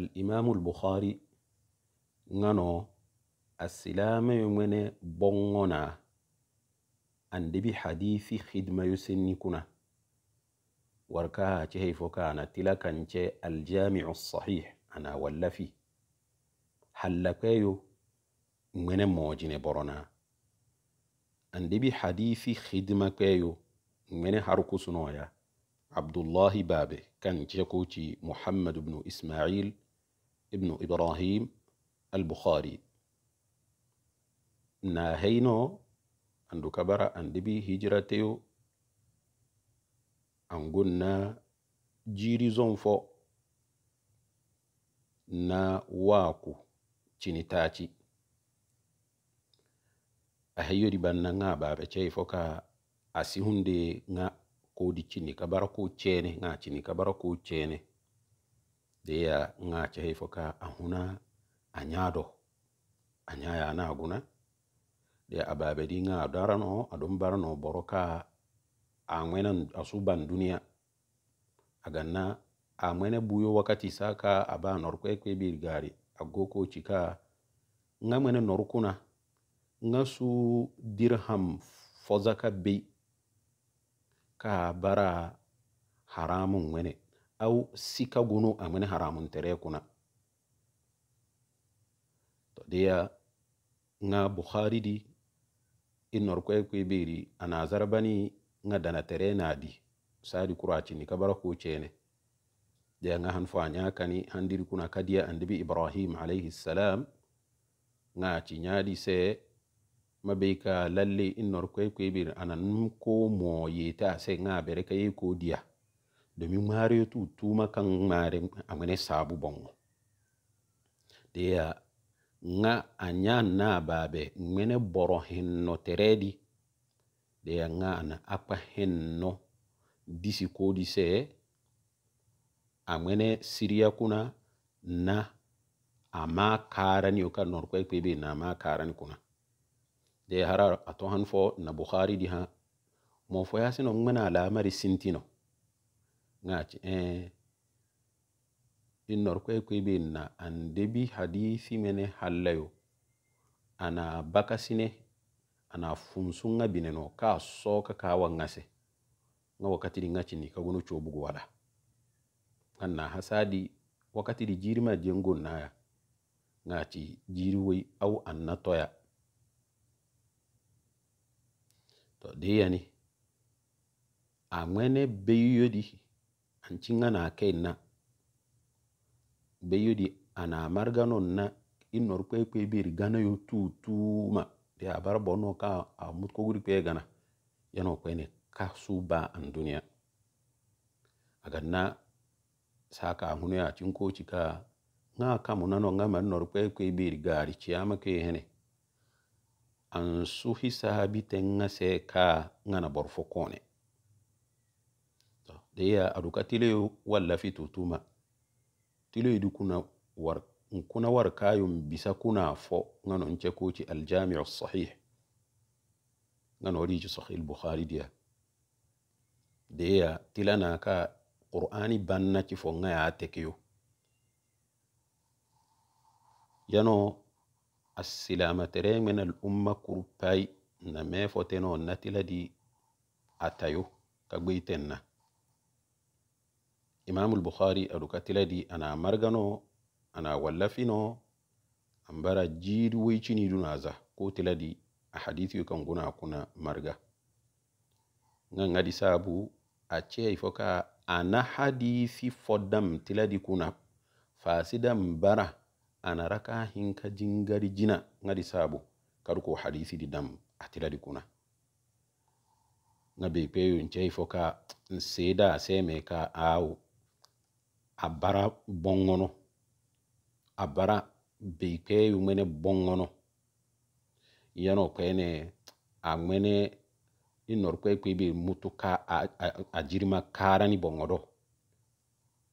الإمام البخاري نانو السلام يمن بونغونا عندي بي حديث خدمة يسنكونا وركا تهي فوكانا تلاكا الجامع الصحيح أنا ولا في حلقايو من موجين برونا عندي بي حديث خدمة كايو مني حركو سنويا عبد الله بابي كان تشكوتي محمد بن إسماعيل ابن إبراهيم البخاري ناهينو أندو كبرا أندبي هجرتيو أنقلنا جيري زنفو na waku cinitaci a hayori banna nga baɓe cei fo ka a sihunde nga kodi cini kabara ko cene nga cini kabara ko cene deya nga chei foka ahuna anyado anyaya na aguna de ababedi nga darano adon boroka amwenan asuban dunia a amwene buyo wakati saka aba norkwe kwe birgari agoko chika nga mwene norkuna nga su dirham fozaka bei ka bara haramun mwene au sikagunu amini haramuntere kuna to diya ŋa buhari di i norko kuibiri anazarabani ŋa danatere nadi sadi kuracini kabara kucene diya ŋa han fo anyakani handiri kuna kadiya andibi ibrahim alaihi salam ŋa aci nyadi se mabeika lalli i norko kuibiri ananum ko mo yete ase ŋa bereka ye ko diya domin mario tutuma kan mare amene sabu bongo deya nga anya na babe mene boro hinno teredi deya nga ana apa hinno disi kodi se amene siriya kuna na ama karani oka norko ekpebe na kara karani kuna de hara ato fo na bukhari di ha mo fo yasino ngmena alamari sintino ngati eh, e innor ko kuibinna an debi hadisi mene hallayo ana bakasine ana funsunga bineno ka soka ka wangase nga wakati di ngati ni ka gono chobugo wala anna hasadi wakati di jirima jengo naya ngati jiriwoi au anna toya to deyani amwene beyo di kai na bayu di ana marganon na inor kwe kwe biri gana yo tu tu ma de abar bono ka amut ko guri kwe gana yano kwe ne su ba an duniya na saka ahunu ya cin chika nga kamu nano nga man nor kwe kwe biri gari chiyama ke hene an su hisabi te nga se ka deya aɗu ka tileyo walla fitu tuma tileyoɗi kuna war kuna war kayum bisa kuna fo ngano nce kuci aljamiu sahih ngano rici sahih lbukhari diya deya tilana ka qur'ani bannaci fo ngaya tekeyo yano asilamatere mena al umma kurpai na me foteno natila di atayo ka imamul bukhari aɗu katiladi ana margano ana wallafino ambara jiri wicinidu naza ko tiladi a hadithi kan guna kuna marga ngan adi sabu a cei foka ana hadithi foddam tiladi kuna fasida mbara ana raka hinka jingari jina ngadi sabu kadu ko hadisi di dam a tiladi kuna nga be peyo n cei foka nseda seme ka awu a bara bongono a bara be kpeyu mene bongono yano kpene a mene i nor kpe kpe be mutu ka a, a, a jirima karani bongodo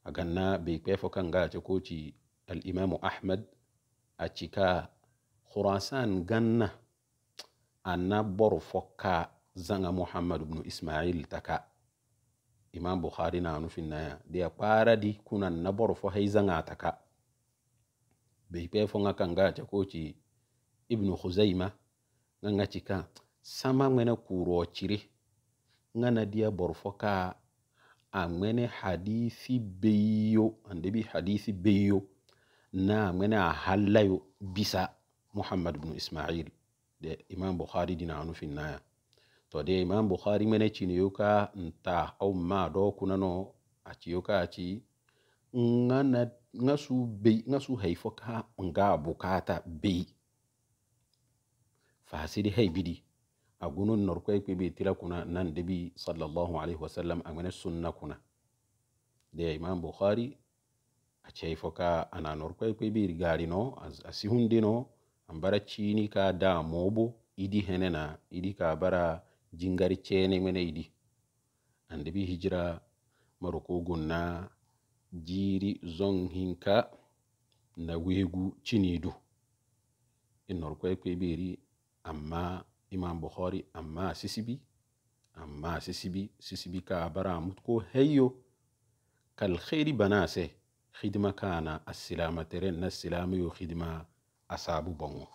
a ganna be kpe fo kan ga ce koci al imamu ahmad a cika khurasan ganna anna boru fo ka zanga muhammad ibnu ismail taka imam buhari nanu finnaya deya kparadi kunan naboro fo haizangataka beipe fo ga kanga jakoci ibnu huzaima ga gacika sama mene kuro ciri gana diya boro fo ka a mene hadisi beyo andebi hadisi beyo na mene a hallayo bisa muhammad bnu ismail de imam buhari dinanu finnaya to dai imam bukhari mene ne yuka nta au ma do a ci yuka ci, ngana ngasu be ngasu haifo ka nga bukata be fasidi haibidi agunun norkwai kwe tira kuna nan dabi sallallahu alaihi wasallam mene sunna kuna Dai imam bukhari a ci haifo ka ana norkwai kwe bi gari no a asihundi no ambara ni ka da mobo idi henena idi ka bara Jingar cene mene idi ande bi hijira marokogon na jiri zon hinka na wegu cinidu inorkwe beri amma imam bukhari amma sisibi amma sisibi sisibi ka bara mutko heyo kal khairi banase khidma kana as-silamateren na silamayo khidma asabu bongo